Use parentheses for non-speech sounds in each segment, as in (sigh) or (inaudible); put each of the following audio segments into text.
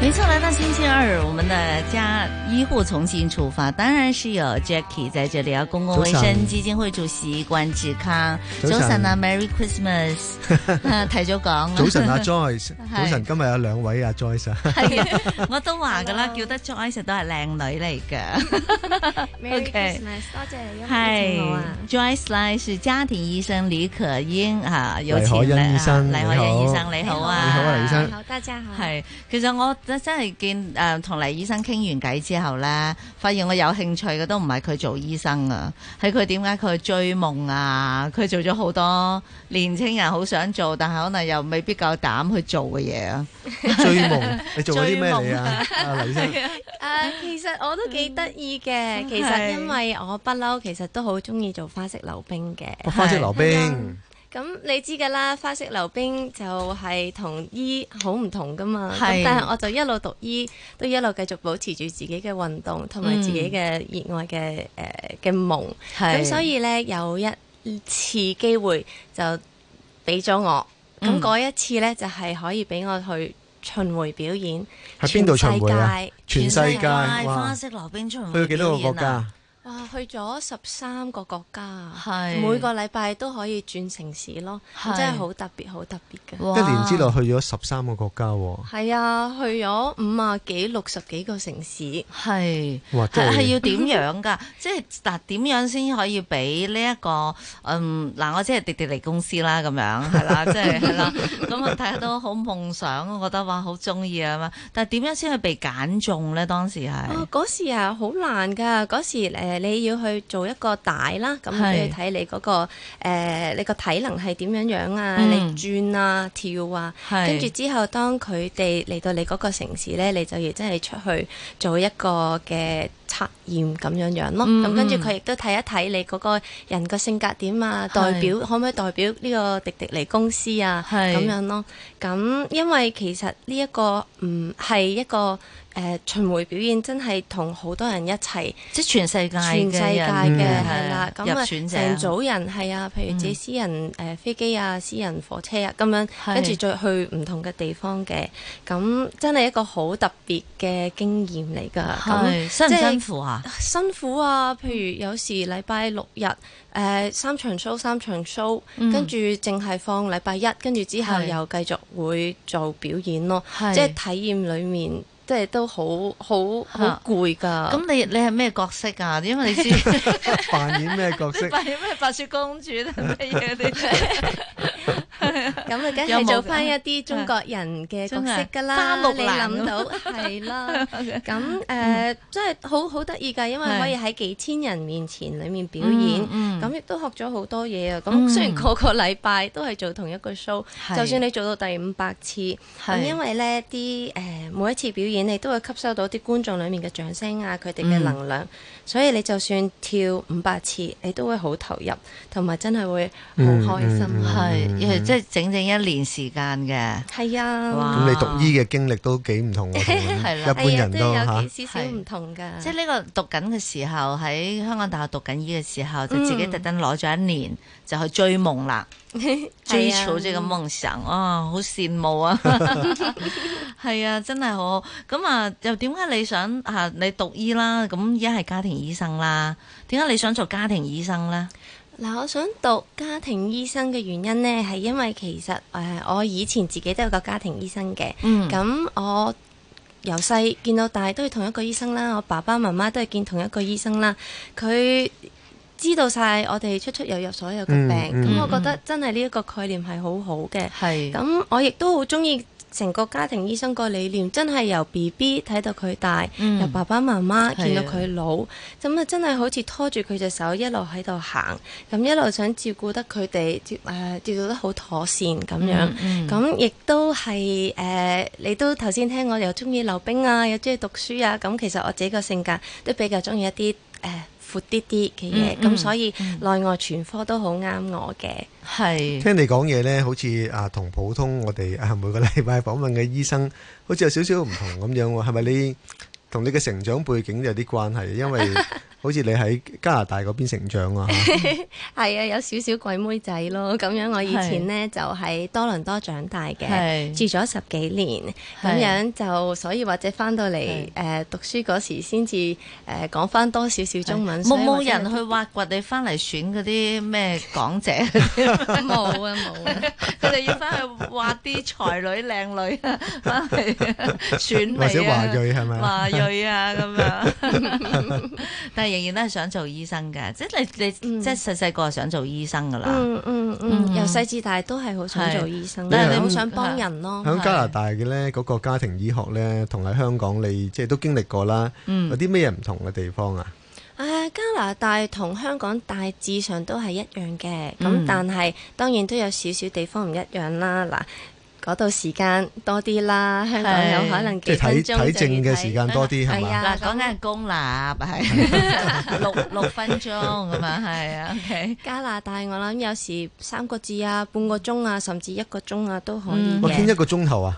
沒錯啦。星期二，我們的家醫護重新出發，當然是有 Jacky 在這裏啊。公共衛生基金會主席關志康。早晨啊，Merry Christmas，提早講。早晨啊，Joyce。早晨，今日有兩位啊，Joyce。係，我都話噶啦，叫得 Joyce 都係靚女嚟噶。OK，Merry Christmas，多謝。你。係 Joyce 呢係是家庭醫生黎可恩。吓，有請黎可恩醫生。黎可恩醫生你好啊，你好啊，醫生。好，大家好。係，其實我真係。見誒同黎醫生傾完偈之後咧，發現我有興趣嘅都唔係佢做醫生啊，係佢點解佢追夢啊？佢做咗好多年青人好想做，但係可能又未必夠膽去做嘅嘢啊！ (laughs) 追夢，你做咗啲咩啊？阿、黎醫生、啊、其實我都幾得意嘅，嗯、其實因為我不嬲，其實都好中意做花式溜冰嘅。 (laughs) 花式溜冰。 (laughs) 咁你知噶啦，花式溜冰就係同醫好唔同噶嘛。是但係我就一路讀醫，都一路繼續保持住自己嘅運動同埋自己嘅熱愛嘅誒嘅夢。咁、呃、是所以咧有一次機會就俾咗我。咁嗰、嗯、一次咧就係可以俾我去巡回表演。喺邊度巡迴全世界，啊、全世界花式溜冰巡迴表演啊！去幾多個國家？哇！去咗十三個國家啊，每個禮拜都可以轉城市咯，真係好特別，好特別嘅。一年之內去咗十三個國家喎。係啊，去咗五啊幾六十幾個城市。係，係要點樣㗎？即係嗱，點樣先可以俾呢一個嗯嗱？我即係滴滴嚟公司啦，咁樣係啦，即係係啦。咁啊，大家都好夢想，我覺得話好中意啊嘛。但係點樣先去被揀中咧？當時係。啊！嗰時啊，好難㗎。嗰時你要去做一個大啦，咁你要睇你嗰個誒、呃，你個體能係點樣樣啊？嗯、你轉啊、跳啊，跟住是之後當佢哋嚟到你嗰個城市咧，你就要真係出去做一個嘅。測驗咁樣樣咯，咁跟住佢亦都睇一睇你嗰個人個性格點啊？代表可唔可以代表呢個迪迪尼公司啊？咁樣咯。咁因為其實呢一個唔係一個誒巡迴表演，真係同好多人一齊，即全世界全世界嘅係啦，咁啊成組人係啊，譬如自己私人誒飛機啊、私人火車啊咁樣，跟住再去唔同嘅地方嘅，咁真係一個好特別嘅經驗嚟㗎。咁即係。辛苦啊！辛苦啊！譬如有時禮拜六日，誒、呃、三場 show 三場 show，跟住淨係放禮拜一，跟住之後又繼續會做表演咯，是即係體驗裏面。即係都好好好攰㗎。咁你你係咩角色啊？因為你先扮演咩角色？扮演咩白雪公主啊？咁啊，梗係做翻一啲中國人嘅角色㗎啦。花木蘭你諗到係啦。咁誒即係好好得意㗎，因為可以喺幾千人面前裡面表演。咁亦都學咗好多嘢啊。咁雖然個個禮拜都係做同一個 show，就算你做到第五百次，咁因為咧啲誒每一次表演。你都會吸收到啲觀眾裡面嘅掌聲啊，佢哋嘅能量，嗯、所以你就算跳五百次，你都會好投入，同埋真係會好開心。係、嗯，即、嗯、係、嗯嗯嗯、整整一年時間嘅，係啊。咁哇你讀醫嘅經歷都幾唔同、啊，一般人都係啦、 (laughs) 哎，都有少少唔同㗎。即係呢個讀緊嘅時候，喺香港大學讀緊醫嘅時候，就自己特登攞咗一年就去追夢啦。追求這個夢想啊，好羨慕啊！係啊，真係好。咁啊，又點解你想啊？你讀醫啦，咁而家係家庭醫生啦。點解你想做家庭醫生咧？嗱、嗯，我想讀家庭醫生嘅原因呢，係因為其實誒、呃，我以前自己都有個家庭醫生嘅。嗯。咁我由細見到大，都係同一個醫生啦。我爸爸媽媽都係見同一個醫生啦。佢。知道晒我哋出出入入所有嘅病，咁、嗯嗯、我覺得真係呢一個概念係好好嘅。咁係我亦都好中意成個家庭醫生個理念，真係由 BB 睇到佢大，由、嗯、爸爸媽媽見到佢老，咁啊的真係好似拖住佢隻手一路喺度行，咁一路想照顧得佢哋，誒照、呃、照顧得好妥善咁樣。咁亦、嗯嗯、都係誒、呃，你都頭先聽我又中意溜冰啊，又中意讀書啊，咁其實我自己個性格都比較中意一啲誒。呃闊啲啲嘅嘢，咁、嗯、所以內外全科都好啱我嘅。係是聽你講嘢呢，好似啊同普通我哋啊每個禮拜訪問嘅醫生，好似有少少唔同咁樣喎。係咪 (laughs) 你同你嘅成長背景有啲關係？因為。 (laughs) 好似你喺加拿大嗰邊成長啊？係啊，有少少鬼妹仔咯。咁樣我以前呢，就喺多倫多長大嘅，住咗十幾年，咁樣就所以或者翻到嚟誒讀書嗰時先至誒講翻多少少中文。冇冇人去挖掘你翻嚟選嗰啲咩港姐？冇啊冇，佢哋要翻去挖啲才女靚女翻去選你啊，華裔係咪？華裔啊咁樣。 (laughs) 但係仍然都係想做醫生嘅，即係你、嗯、即係細細個係想做醫生噶啦，由細、嗯嗯嗯、至大都係好想做醫生，是但係你好想幫人咯。喺、嗯、是加拿大嘅咧，嗰個家庭醫學咧，同喺香港你即係都經歷過啦，嗯、有啲咩唔同嘅地方啊？誒，加拿大同香港大致上都係一樣嘅，咁、嗯、但係當然都有少少地方唔一樣啦。嗱。嗰度時間多啲啦，香港有可能幾分鐘睇症嘅時間多啲係嘛？係啊，講緊公立係六六分鐘咁啊，係啊。加拿大我諗有時三個字啊，半個鐘啊，甚至一個鐘啊都可以嘅。傾一個鐘頭啊？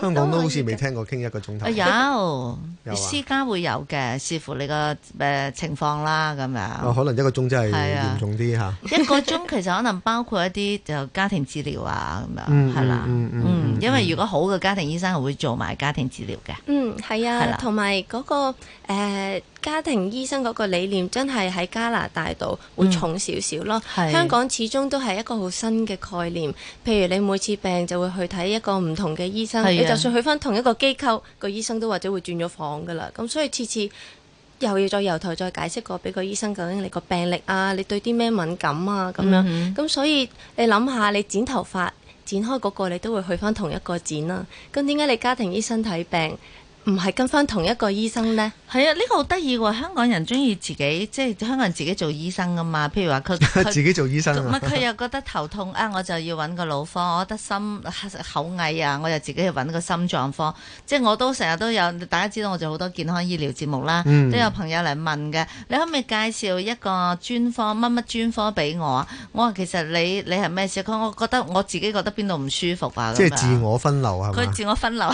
香港都好似未聽過傾一個鐘頭。有私家會有嘅，視乎你個誒情況啦，咁樣。可能一個鐘真係嚴重啲嚇。一個鐘其實可能包括一啲就家庭治療啊，咁樣係啦。嗯，因為如果好嘅家庭醫生係、嗯、會做埋家庭治療嘅。嗯，係啊，係啦，同埋嗰個、呃、家庭醫生嗰個理念真係喺加拿大度會重少少咯。嗯、香港始終都係一個好新嘅概念。啊、譬如你每次病就會去睇一個唔同嘅醫生，啊、你就算去翻同一個機構個醫生都或者會轉咗房噶啦。咁所以次次又要再由頭再解釋過俾個醫生究竟你個病歷啊，你對啲咩敏感啊咁樣。咁所以你諗下，你剪頭髮。嗯嗯剪開嗰個你都會去翻同一個剪啦，咁點解你家庭醫生睇病，唔係跟翻同一個醫生咧，係啊，呢、這個好得意喎！香港人中意自己，即係香港人自己做醫生噶嘛。譬如話佢 (laughs) 自己做醫生，唔係佢又覺得頭痛啊，我就要揾個腦科，我覺得心口翳啊，我又自己去揾個心臟科。即係我都成日都有，大家知道我做好多健康醫療節目啦，嗯、都有朋友嚟問嘅。你可唔可以介紹一個專科乜乜專科俾我？我話其實你你係咩事？佢話我覺得我自己覺得邊度唔舒服啊，即係自我分流係佢樣自我分流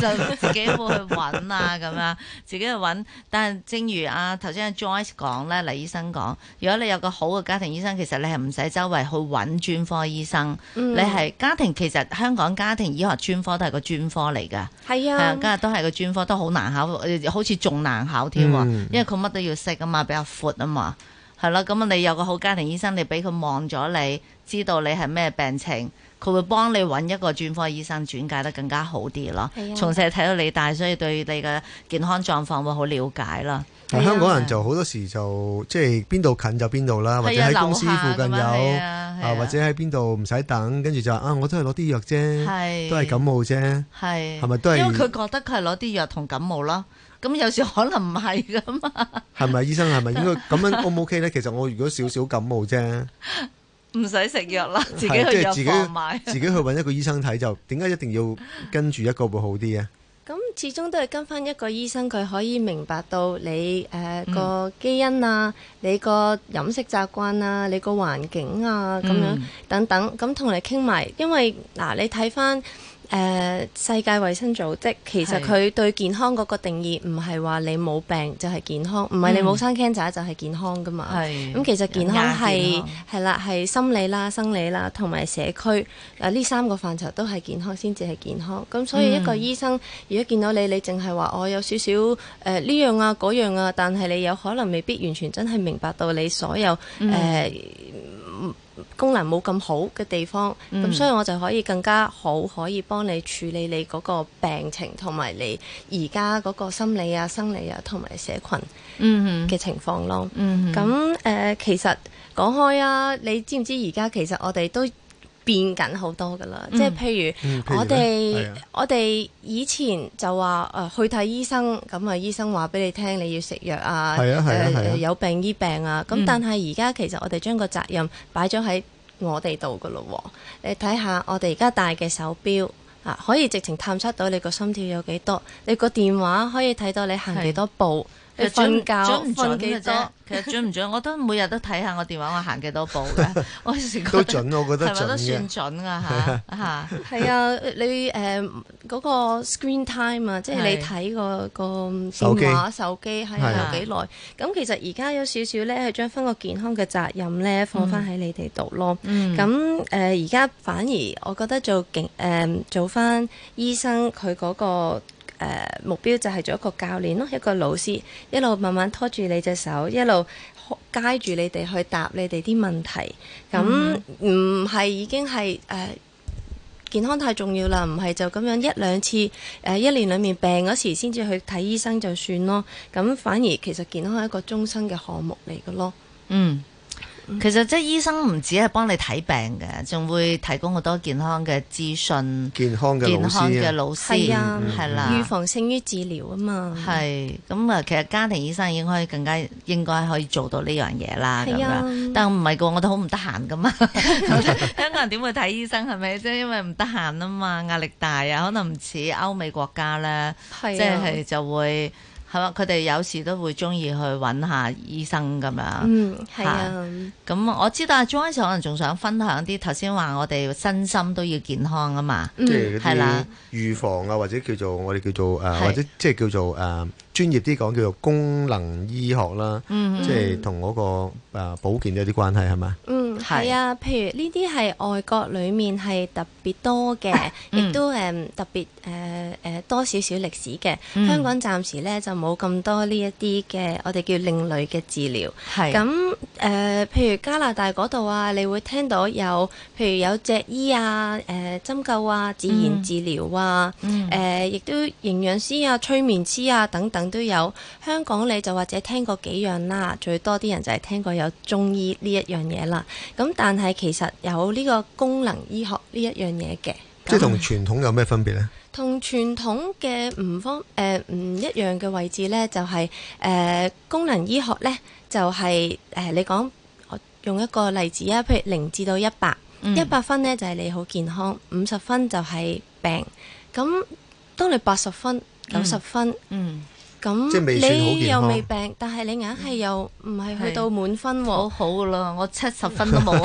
就 (laughs) (laughs) 自己會。揾啊咁樣， (laughs) 自己去揾。但係正如啊頭先阿 Joyce 講咧，黎醫生講，如果你有個好嘅家庭醫生，其實你係唔使周圍去揾專科醫生。嗯、你係家庭其實香港家庭醫學專科都係個專科嚟㗎。係啊，今日都係個專科，都好難考，好似仲難考添喎。嗯、因為佢乜都要識啊嘛，比較闊啊嘛。係啦，咁你有個好家庭醫生，你俾佢望咗，你知道你係咩病情，佢會幫你揾一個專科醫生轉介得更加好啲咯。的從細睇到你大，所以對你嘅健康狀況會好了解啦、啊。香港人就好多時就即係邊度近就邊度啦，或者喺公司附近有，或者喺邊度唔使等，跟住就話啊，我都係攞啲藥啫，的都係感冒啫，係咪都係？因為佢覺得佢係攞啲藥同感冒啦。咁有時可能唔係噶嘛 (laughs) ，係咪醫生係咪應該咁樣 O 唔 OK 咧？ (laughs) 其實我如果少少感冒啫，唔使食藥啦，自己去藥房買自己， (laughs) 自己去揾一個醫生睇，就點解一定要跟住一個會好啲啊？咁始終都係跟翻一個醫生，佢可以明白到你誒個基因啊，嗯、你個飲食習慣啊，你個環境啊，咁樣、嗯、等等，咁同你傾埋，因為嗱你睇翻。誒，uh, 世界衛生組織其實佢對健康嗰個定義唔係話你冇病就係、係、健康，唔係你冇生 cancer 就係健康噶嘛。咁、嗯、其實健康係係啦，係心理啦、生理啦同埋社區啊，呢三個範疇都係健康先至係健康。咁所以一個醫生、嗯、如果見到你，你淨係話我有少少誒呢、呃、樣啊、嗰樣啊，但係你有可能未必完全真係明白到你所有誒。嗯呃功能冇咁好嘅地方，咁、嗯、哼所以我就可以更加好可以幫你處理你嗰個病情同埋你而家嗰個心理啊、生理啊同埋社群嗯嘅情況咯。咁誒、嗯嗯呃，其實講開啊，你知唔知而家其實我哋都？變緊好多㗎啦，即係、嗯、譬如我哋我哋以前就話誒、呃、去睇醫生，咁啊醫生話俾你聽你要食藥啊，係啊、係啊、誒有病醫病啊，咁、嗯、但係而家其實我哋將個責任擺咗喺我哋度㗎咯喎，你睇下我哋而家戴嘅手錶啊，可以直情探測到你個心跳有幾多，你個電話可以睇到你行幾多步。瞓覺唔瞓？瞓幾多？其實準唔準？我都每日都睇下我電話，我行幾多步嘅。我都準，我覺得準係咪都算準啊？嚇嚇，係啊！你誒嗰個 screen time 啊，即係你睇嗰個電話手機係有幾耐？咁其實而家有少少咧，係將翻個健康嘅責任咧，放翻喺你哋度咯。咁誒，而家反而我覺得做誒做翻醫生，佢嗰個。誒、uh, 目標就係做一個教練咯，一個老師，一路慢慢拖住你隻手，一路街住你哋去答你哋啲問題。咁唔係已經係誒、uh, 健康太重要啦，唔係就咁樣一兩次誒、uh, 一年裡面病嗰時先至去睇醫生就算咯。咁反而其實健康係一個終生嘅項目嚟嘅咯。嗯、mm。Hmm. 其實即係醫生唔止係幫你睇病嘅，仲會提供好多健康嘅資訊、健康嘅老師啊。係啦。預防勝於治療啊嘛。係咁啊，其實家庭醫生應該可以更加應該可以做到呢樣嘢啦，咁是、啊、樣。但係唔係嘅，我哋好唔得閒噶嘛。 (laughs) (laughs) 香港人點會睇醫生？係咪即係因為唔得閒啊嘛？壓力大啊，可能唔似歐美國家咧，即係是、啊、就，就會。係嘛？佢哋有時都會中意去揾下醫生咁樣。嗯，係啊。咁我知道啊，鍾 Sir 可能仲想分享啲頭先話我哋身心都要健康啊嘛。嗯，係啦、啊。預防啊，或者叫做我哋叫做誒，或者即係叫做誒、啊呃、專業啲講叫做功能醫學啦。嗯嗯。即係同嗰個誒保健有啲關係係咪？係啊，譬如呢啲係外國裡面係特別多嘅，亦、啊嗯、都誒特別誒誒、呃、多少少歷史嘅。嗯、香港暫時咧就冇咁多呢一啲嘅，我哋叫另類嘅治療。係咁誒，譬如加拿大嗰度啊，你會聽到有，譬如有脊醫啊、誒、呃、針灸啊、自然治療啊、誒亦、嗯嗯呃、都營養師啊、催眠師啊等等都有。香港你就或者聽過幾樣啦，最多啲人就係聽過有中醫呢一樣嘢啦。咁但係其實有呢個功能醫學呢一樣嘢嘅，即係同傳統有咩分別呢？同、嗯、傳統嘅唔方誒唔、呃、一樣嘅位置呢，就係、是、誒、呃、功能醫學呢，就係、是、誒、呃、你講用一個例子啊，譬如零至到一百一百分呢，就係、是、你好健康，五十分就係病。咁當你八十分、九十分嗯，嗯。咁那你又未病，但係你硬係又唔係去到滿分、喎、是好好噶啦，我七十分都冇。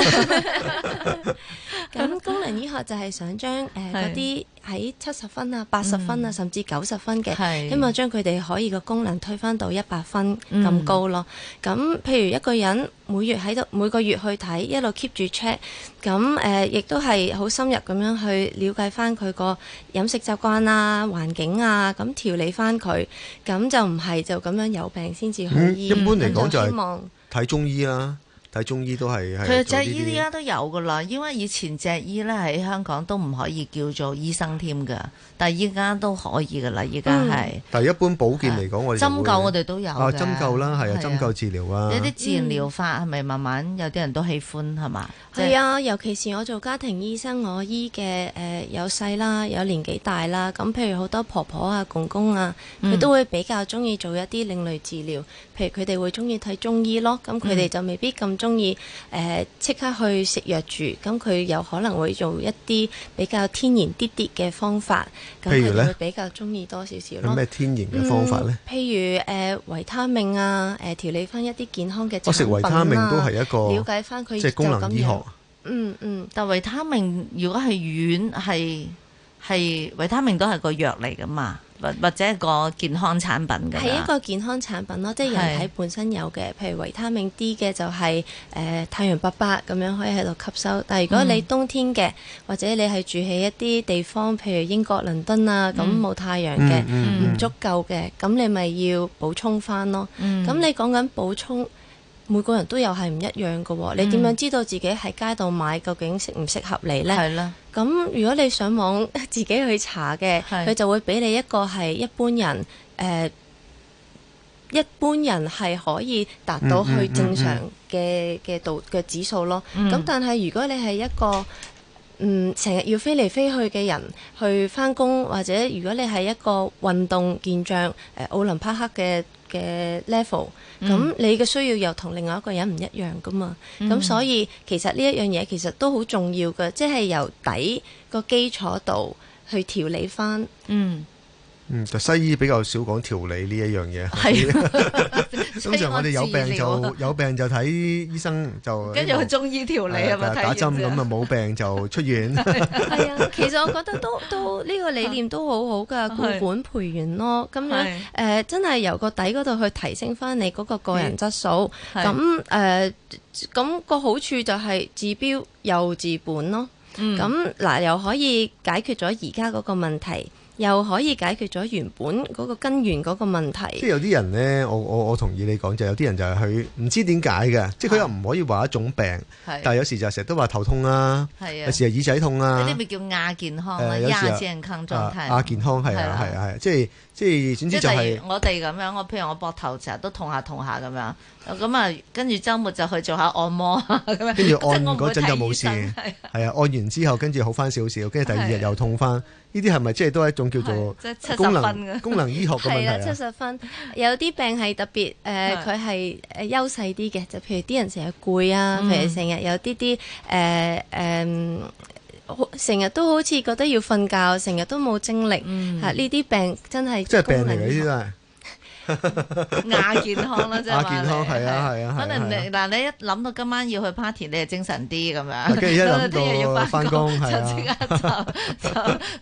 咁功能醫學就係想將誒嗰啲。是呃喺七十分啊、八十分啊，嗯、甚至九十分嘅，是希望將佢哋可以個功能推翻到一百分咁、嗯、高咯。咁譬如一個人每月喺度每個月去睇，一路 keep 住 check，咁誒亦都係好深入咁樣去了解翻佢個飲食習慣啊、環境啊，咁調理翻佢，咁就唔係就咁樣有病先至去醫。一般嚟講就望睇中醫啦、啊。睇中醫都係，其實隻醫依家都有噶啦，因為以前隻醫咧喺香港都唔可以叫做醫生添噶，但係依家都可以噶啦，依家係。但係一般保健嚟講，針我針灸我哋都有。啊，針灸啦，係啊，針灸、啊、治療啦、啊，有啲自然療法係咪慢慢有啲人都喜歡係嘛？係、嗯、啊，尤其是我做家庭醫生，我醫嘅誒、呃、有細啦，有年紀大啦，咁譬如好多婆婆啊、公公啊，佢、嗯、都會比較中意做一啲另類治療，譬如佢哋會中意睇中醫咯，咁佢哋就未必咁。中意誒即刻去食藥住，咁佢有可能會用一啲比較天然啲啲嘅方法，咁佢會比較中意多少少。有咩天然嘅方法咧、嗯？譬如誒、呃、維他命啊，誒、呃、調理翻一啲健康嘅產品、啊、我食維他命都係一個，瞭解翻佢即係功能醫學。嗯嗯，但維他命如果係軟係。係維他命都係個藥嚟噶嘛，或或者個健康產品嘅，係一個健康產品咯，即係人體本身有嘅，是譬如維他命 D 嘅就係、是、誒、呃、太陽爸爸咁樣可以喺度吸收。但係如果你冬天嘅，或者你係住喺一啲地方，譬如英國倫敦啊，咁冇、嗯、太陽嘅，唔、嗯嗯嗯、足夠嘅，咁你咪要補充翻咯。咁、嗯嗯、你講緊補充。每個人都又係唔一樣嘅喎、哦，你點樣知道自己喺街度買究竟適唔適合你呢？係啦是的。咁如果你上網自己去查嘅，佢是的 就會俾你一個係一般人誒、呃，一般人係可以達到去正常嘅嘅度嘅指數咯。咁、嗯、但係如果你係一個嗯成日要飛嚟飛去嘅人去，去返工或者如果你係一個運動健將誒、呃、奧林匹克嘅嘅 level，咁，嗯，你嘅需要又同另外一個人唔一樣噶嘛，咁，嗯，所以其實呢一樣嘢其實都好重要嘅，即係由底個基礎度去調理翻。嗯。嗯，就西醫比較少講調理呢一樣嘢，通常我哋有病就有病就睇醫生就，跟住去中醫調理係咪？打針咁啊冇病就出院。係啊，其實我覺得都都呢個理念都好好噶，固本培元咯，咁樣誒，真係由個底嗰度去提升翻你嗰個個人質素。咁誒，咁個好處就係治標又治本咯。嗯，咁嗱又可以解決咗而家嗰個問題。又可以解決咗原本嗰個根源嗰個問題。即係有啲人咧，我我我同意你講，就有啲人就係佢唔知點解嘅，即係佢又唔可以話一種病。但係有時就成日都話頭痛啦，有時係耳仔痛啦。嗰啲咪叫亞健康啦，亞健康狀態。亞健康係啊係啊係，即係即係，總之就係我哋咁樣，我譬如我膊頭成日都痛下痛下咁樣，咁啊跟住周末就去做下按摩。跟住按嗰陣就冇事，係啊，按完之後跟住好翻少少，跟住第二日又痛翻。呢啲係咪即係都係一種叫做功能、就係、功能功能醫學嘅問題？七十分。有啲病係特別誒，佢係誒優勢啲嘅，就譬如啲人成日攰啊，譬如成日、嗯、有啲啲誒誒，成、呃、日、嗯、都好似覺得要瞓覺，成日都冇精力。係呢啲病真係即係病嚟嘅，呢啲真係。亞健康啦，真係，亞健康係啊係啊，可能你嗱你一諗到今晚要去 party，你就精神啲咁樣，跟住一諗到聽日要翻工，就即刻就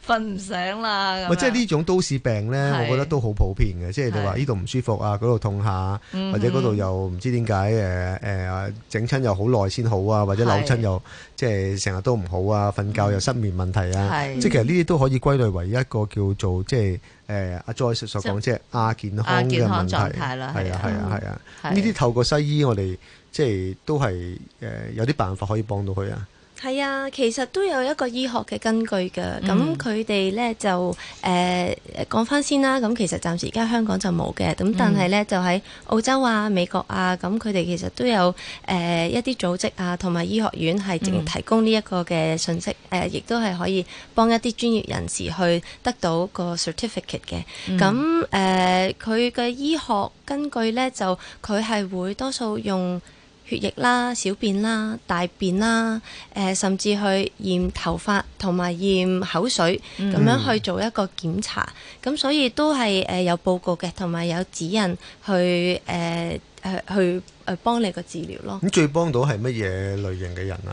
瞓唔醒啦。即係呢種都市病咧，我覺得都好普遍嘅，即係你話呢度唔舒服啊，嗰度痛下，或者嗰度又唔知點解誒誒整親又好耐先好啊，或者扭親又即係成日都唔好啊，瞓覺又失眠問題啊，即係其實呢啲都可以歸類為一個叫做即係。誒阿 joy 所講即係亞、啊、健康嘅問題啦，係啊，係啊，係啊，呢啲、啊、透過西醫我哋即係都係誒、呃、有啲辦法可以幫到佢啊。係啊，其實都有一個醫學嘅根據嘅。咁佢哋咧就誒、呃、講翻先啦。咁其實暫時而家香港就冇嘅。咁、嗯、但係咧就喺澳洲啊、美國啊，咁佢哋其實都有誒、呃、一啲組織啊，同埋醫學院係提供呢一個嘅訊息。誒、嗯呃，亦都係可以幫一啲專業人士去得到個 certificate 嘅。咁誒、嗯，佢嘅、呃、醫學根據咧就佢係會多數用。血液啦、小便啦、大便啦，誒、呃、甚至去驗頭髮同埋驗口水，咁樣去做一個檢查，咁、嗯、所以都係誒、呃、有報告嘅，同埋有指引去誒、呃、去、呃、去誒幫你個治療咯。咁最幫到係乜嘢類型嘅人啊？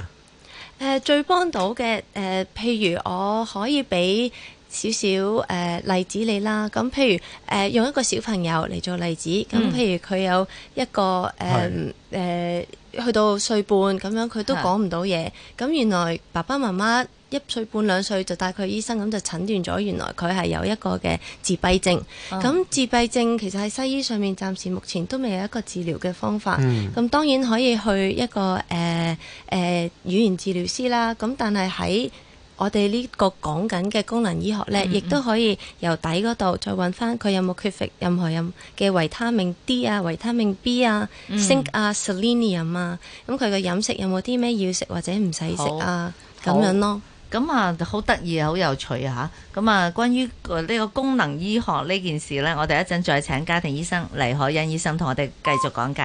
誒、呃、最幫到嘅誒、呃，譬如我可以俾少少誒、呃、例子你啦，咁譬如誒、呃、用一個小朋友嚟做例子，咁譬、嗯、如佢有一個誒誒、呃、是去到歲半咁樣，佢都講唔到嘢，咁是原來爸爸媽媽一歲半兩歲就帶佢去醫生，咁就診斷咗原來佢係有一個嘅自閉症。咁、哦、自閉症其實喺西醫上面，暫時目前都未有一個治療嘅方法。咁、嗯、當然可以去一個誒誒、呃呃呃、語言治療師啦，咁但係喺我哋呢個講緊嘅功能醫學呢，亦都、嗯嗯、可以由底嗰度再揾翻佢有冇缺乏任何嘅維他命 D 啊、維他命 B 啊、zinc 啊、selenium 啊。咁佢嘅飲食有冇啲咩要食或者唔使食啊？咁好樣咯。咁啊，好得意啊，好有趣啊！嚇咁啊，關於呢個功能醫學呢件事呢，我哋一陣再請家庭醫生黎可恩醫生同我哋繼續講解。